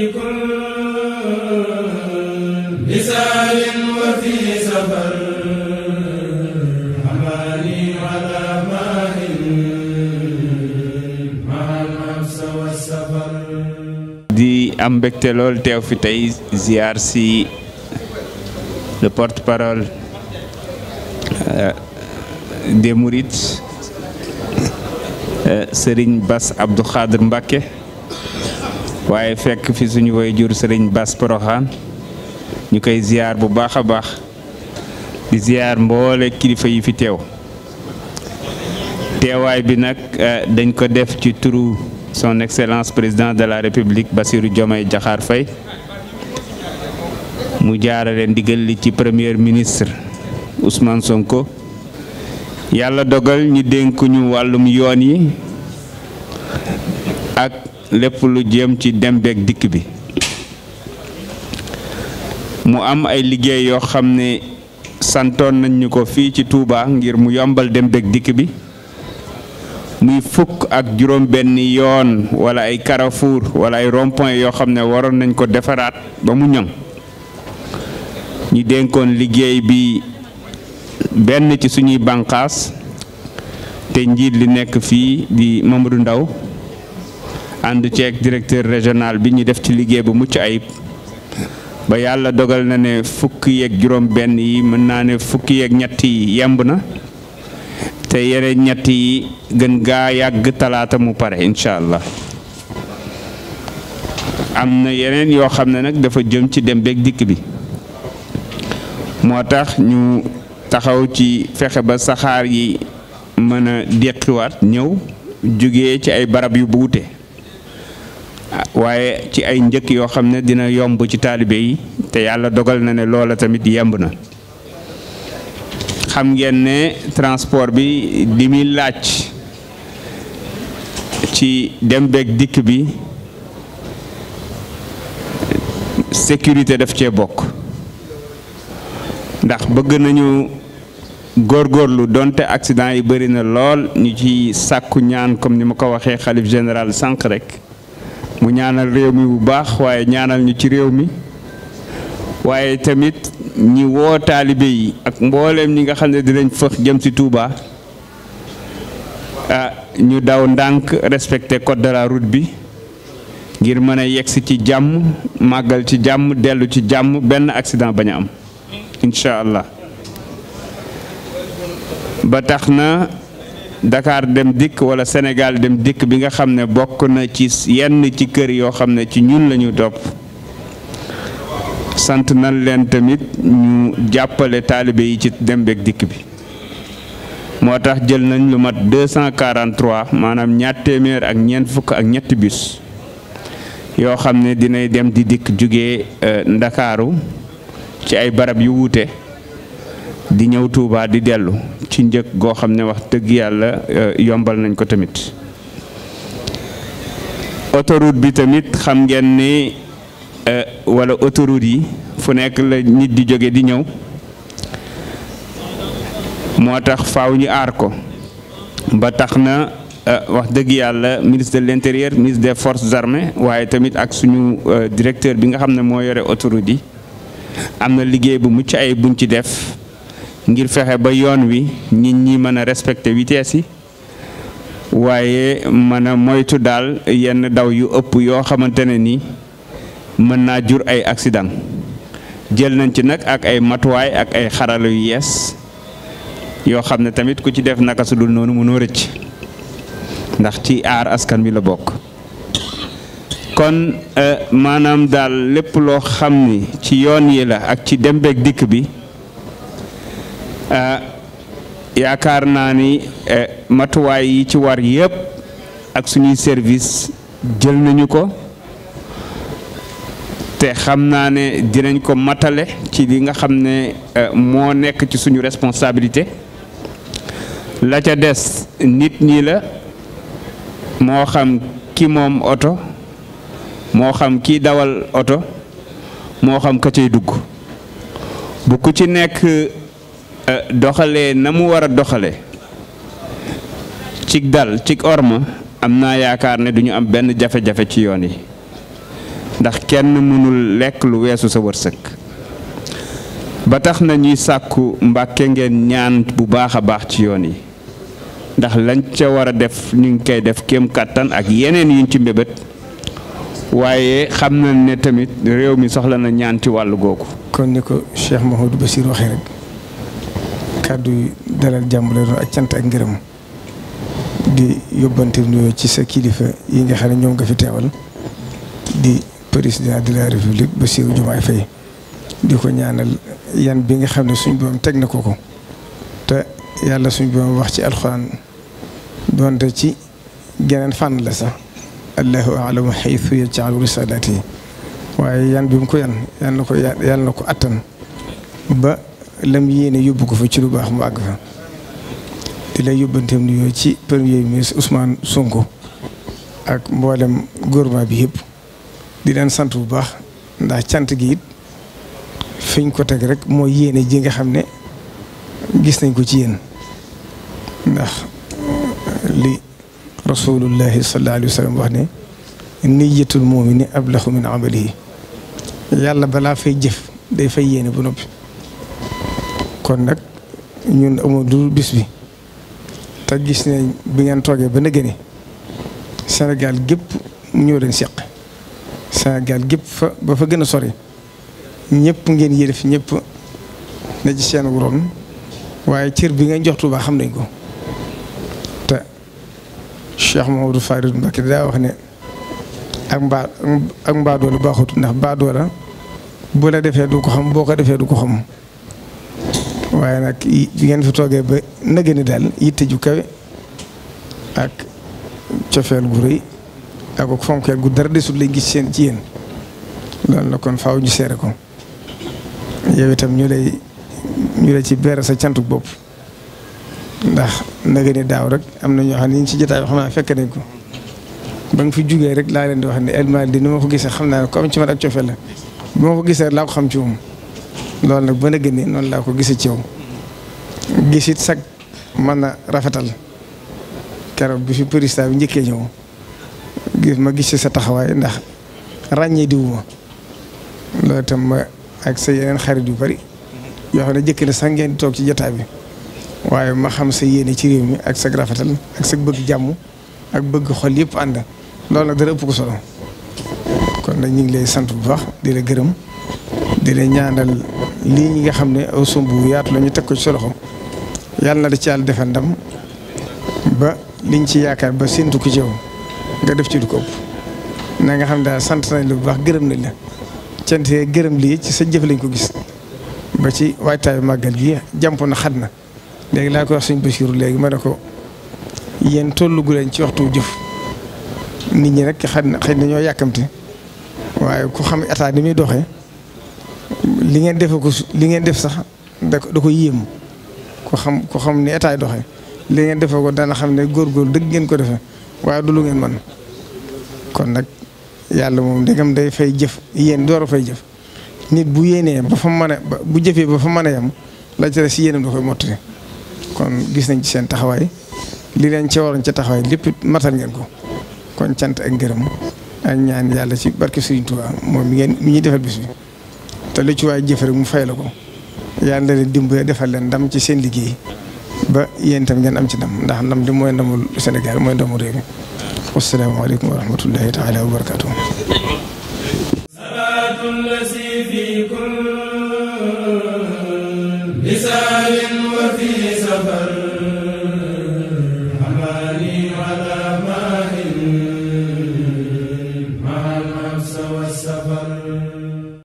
di am mbégte lool teew fi tey ziar si le porte-parole euh, des Mourides euh, Serigne Bass Abdou Khadr waaye fekk fi suñu woy jur sëriñ Bass Poroxaan ñu koy ziar bu baax a baax di ziar mboole kilifa yi fi teew teewaay bi nag eh, dañ ko def ci turu son excellence président de la république Bassirou Diomaye jaxaar fay mu jaarale ndigal li ci premier ministre Ousmane Sonko yàlla dogal ñi dénkuñu wàllum yoon yi lépp lu jëm ci dem beeg dikk bi mu am ay liggéey yoo xam ne santoon nañ ñu ko fii ci Touba ngir mu yombal dem beeg dikk bi muy fukk ak juróom benn yoon wala ay carrefour wala ay rond yoo xam ne waroon nañ ko defaraat ba mu ñoŋ ñu dénkoon liggéey bi benn ci suñuy bànqaas te njiit li nekk fii di Mamadou Ndaw ci ak directeur régional bi ñu def ci liguey bu mucc ayib ba yalla dogal na ne fukki yeeg juroom ben yi mën na ne fukki yi na te yere ñett yi gën ga yag talata mu pare inshallah amna yenen yo xamne nak dafa jëm ci dem bek dik bi motax ñu taxaw ci fexé ba saxar yi mëna wat ñew juggé ci ay barab yu waaye ci ay njëkk yoo xam ne dina yomb ci taalibe yi te yàlla dogal na ne loola tamit yemb na xam ngeen ne transport bi li muy laaj ci dem beeg dikk bi sécurité def cee bokk ndax bëgg nañu góor góorlu donte accident yi bëri na lool ñu ci sàkku ñaan comme ni ma ko waxee xalif général sànq rek mu ñaanal réew mi bu baax waaye ñaanal ñu ci réew mi waaye tamit ñi woo taalibe yi ak mbooleem ñi nga xam ne dinañ fëx jëm ci Touba ah ñu daw ndànk respecté code de bi ngir mën a yegsi ci jàmm màggal ci jàmm dellu ci jàmm benn accident bañ a am incha allah ba tax na Dakar dem dikk wala Sénégal dem dikk bi nga xam ne bokk na ci yenn ci kër yoo xam ne ci ñun lañu topp sant nan leen tamit ñu jàppale taalibe yi ci dem beeg dikk bi moo tax jël nañ lu mat 243 maanaam ñaar téeméer ak ñeent fukk ak ñetti bus yoo xam ne dinay dem di dikk jóge euh, Ndakaaru ci ay barab yu wuute di ñëw Tuubaa di dellu ci njëg goo xam ne wax dëgg yàlla euh, yombal nañ ko tamit autoroute bi tamit xam ngeen ni euh, walla autoroute yi fu nekk la nit di jóge di ñëw moo tax faw ñu aar ko ba tax na euh, wax dëgg yàlla ministre de l'intérieur ministre des forces armées waaye tamit ak suñu directeur bi nga xam ne moo yore autoroute yi am na liggéey bu mucc ay buñ ci def ngir fexé ba yoon wi nit ñi mëna respecté vitesse yi waaye mën moytu dal yenn daw yu ëpp yo xamante ni mëna jur ay accident jël nañ ci nak ak ay matuwaay ak ay xaral yu yes yo xam tamit ku ci def naka su dul nonu mëno recc ndax ci ar askan bi la bok kon euh, manam dal lepp lo xamni ci yoon yi la ak ci dembek dik bi Eh, yaakaar naa ni eh, matuwaay yi ci war yëpp ak suñuy service jël nañu ko te xam naa ne dinañ ko matale ci li nga xam ne eh, moo nekk ci suñu responsabilité la ca des nit ñi la moo xam ki moom oto moo xam ki dawal oto moo xam ka cay dugg bu ku ci nekk Euh, doxalee na mu war a doxale cig dal cig orma am naa yaakaar ne duñu am benn jafe-jafe ci yoon yi ndax kenn mënul lekk lu weesu sa wërsëg ba tax na ñuy sàkku mbàkke ngeen ñaan bu baax a baax ci yoon yi ndax lañ ca war a def ñu ngi koy def kem kàttan ak yeneen yuñ ci mbébét waaye xam na ne tamit réew mi soxla na ñaan ci wàllu googu kon ni ko Cheikh Mahoudou rek kàddu yi dalal jàmm lay doon ak cant ak ngërëm di yóbbante nuyoo ci sa kilifa yi nga xam ne ñoom nga fi teewal di président de la république Bassirou Diomaye Faye di ko ñaanal yan bi nga xam ne suñ boom teg na ko ko te yàlla suñ boom wax ci alxuraan doonte ci geneen fànn la sax allahu alamu xaytu yajcalu risalaati yi waaye yan bi mu ko yan yal na attan ba lam yéene yóbbu ko fa ci lu baax mu àgg fa di lay yóbbanteem nuyoo ci premier ministre Ousmane Sonko ak mboolem gouvernement bi yëpp di leen sant bu baax ndax cant gi it fiñ ko teg rek mooy yéene ji xam ne gis nañ ko ci yéen ndax euh, li rasulullahi sallallahu alayhi wa sallam wax ne niyatul mu'mini ablahu min amalihi yàlla balaa fay jëf day fay yéene bu noppi kon nag ñun amul dul bis bi te gis ne bi ngeen toogee ba na gëne Sénégal gépp ñoo leen seq Sénégal gépp fa ba fa gën a sori ñëpp ngeen yërëf ñépp na ci seen wuroon waaye cër bi ngeen jox Tuuba xam nañ ko te Cheikh Mamadou Farid Mbacké daa wax ne ak mbaa ak mbaadoola baaxut ndax mbaadoola bu la defee du ko xam boo ko defee du ko xam waaye nag bi ngeen fi toogee ba nage ni daal yitte ak cofeel gu rëy ak ak gu dara desul lay gis seen ci kon faaw ñu seere ko yow itam ñu lay ñu lay ci beere sa cantu bopp ndax nage ni daaw rek am na ñoo xam ne ñu ci jotaay wax naa fekk nañ ko ba nga fi jugee rek laa leen di wax ne El di ni ma fa gisee xam naa ne ko am ci man ak cofeel la bi ma ko gisee laa ko xam ci moom. loolu nag ba na génnee noonu laa ko gisee ci yow gisit sag mën a rafetal keroog bi fi président bi njëkkee ñëw gis ma gis ci sa taxawaay ndax ràññee diwuma loolu itam ma ak sa yeneen xarit yu bari yoo xam ne jëkk na sax ngeen di toog ci jotaay bi waaye ma xam sa yéene ci réew mi ak sa rafetal ak sa bëgg jàmm ak bëgg xol yépp ànd loolu nag dara ëpp ko solo kon nag ñu ngi lay sant bu baax di la gërëm di la ñaanal lii ñi nga xam ne aw sumb bu yaatu lañu teg ko ci sa yàlla na da ci yàlla defal ndam ba liñ ci yaakaar ba séntu ko ci yow nga def ci du ko ëpp na nga xam ne daal sant nañ la bu baax gërëm nañ la cant yee gërëm lii ci sa jëf lañ ko gis ba ci waajtaayu màggal gi jàmp na xat na léegi laa ko wax suñ Basiiru léegi ma ne ko yéen tollu gu leen ci waxtu jëf nit ñi rek xad na xëy na ñoo yàkkamte waaye ku xam état ni muy doxee li ngeen defe ko li ngeen def sax da da ko yéem ko xam ko xam ni état doxe doxee li ngeen defe ko dana xam ne góorgóor dëgg ngeen ko defee waaye du lu ngeen man kon nag yàlla moom ndegam day fay jëf yéen door fay jëf nit bu yéenee ba fa mën a bu jëfee ba fa mën a yem la ca si yéenam da koy mottali kon gis nañ ci seen taxawaay li leen ca waroon ca taxawaay lépp matal ngeen ko kon cant ak gërëm ak ñaan yàlla ci barke Sëriñ Tuubaa moom mi ngeen mi ñuy defal bis te li ci waay jëf rek mu fay la ko yàlla na leen dimbale defal leen ndam ci seen liggéey ba yéen itam ngeen am ci ndam ndax ndam di mooy ndamul Sénégal mooy ndamul réew mi wasalaamaaleykum wa rahmatullahi taala wa barakaatu. salaatu lasi fi kun